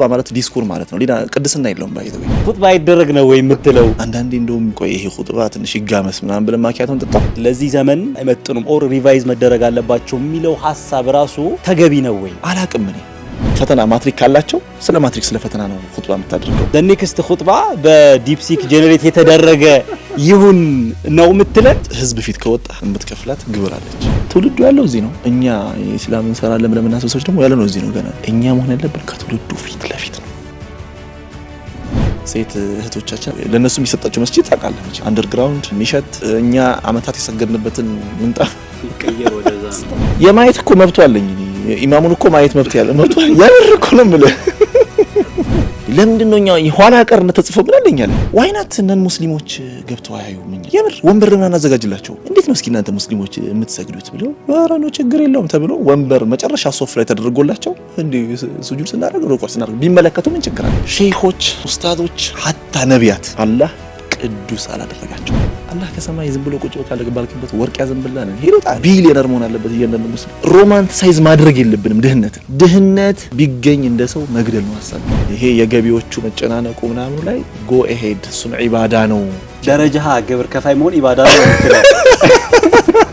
ኹጥባ ማለት ዲስኩር ማለት ነው። ሌላ ቅድስና የለውም። ባይ ዘወይ ኹጥባ ይደረግ ነው ወይ የምትለው አንዳንዴ እንደውም ቆይ ይሄ ኹጥባ ትንሽ ይጋመስ ምናምን ብለን ማኪያቶን ጥጣ ለዚህ ዘመን አይመጥኑም ኦር ሪቫይዝ መደረግ አለባቸው የሚለው ሀሳብ ራሱ ተገቢ ነው ወይ አላቅም እኔ ፈተና ማትሪክ ካላቸው ስለ ማትሪክ ስለ ፈተና ነው ሁጥባ የምታደርገው። ኔክስት ሁጥባ በዲፕሲክ ጄኔሬት የተደረገ ይሁን ነው የምትለን። ህዝብ ፊት ከወጣ የምትከፍላት ግብር አለች። ትውልዱ ያለው እዚህ ነው። እኛ ኢስላም እንሰራለን ብለን የምናስብ ሰዎች ደግሞ ያለ ነው እዚህ ነው። ገና እኛ መሆን ያለብን ከትውልዱ ፊት ለፊት ነው። ሴት እህቶቻችን ለእነሱ የሚሰጣቸው መስጂድ ታውቃለች። አንደርግራውንድ የሚሸጥ እኛ አመታት የሰገድንበትን ምንጣፍ የማየት እኮ መብቶ አለኝ። ኢማሙን እኮ ማየት መብት ያለ መብት ያብር እኮ ነው የምልህ። ለምንድን ነው እኛ የኋላ ቀርነት ተጽፎብናል? እኛለ ዋይናት እነን ሙስሊሞች ገብተው አያዩም? የምር ወንበር ምን አናዘጋጅላቸው? እንዴት ነው እስኪ እናንተ ሙስሊሞች የምትሰግዱት ብለው፣ ኧረ ነው ችግር የለውም ተብሎ ወንበር መጨረሻ ሶፍ ላይ ተደርጎላቸው እንዲህ ስጁድ ስናደርግ ሩቁ ስናደርግ ቢመለከቱ ምን ችግር አለ? ሼሆች፣ ኡስታዞች፣ ሀታ ነቢያት አላህ ቅዱስ አላደረጋቸው አላህ ከሰማይ ዝም ብሎ ቁጭ ካለ ባልክበት ወርቅ ያዘንብላን ሄዶታ ቢሊዮነር መሆን አለበት እያንዳንዱ ሙስሊም። ሮማንቲሳይዝ ማድረግ የለብንም ድህነትን። ድህነት ቢገኝ እንደ ሰው መግደል ነው ሀሳብ። ይሄ የገቢዎቹ መጨናነቁ ምናምኑ ላይ ጎ ሄድ እሱም ኢባዳ ነው። ደረጃ ግብር ከፋይ መሆን ኢባዳ ነው።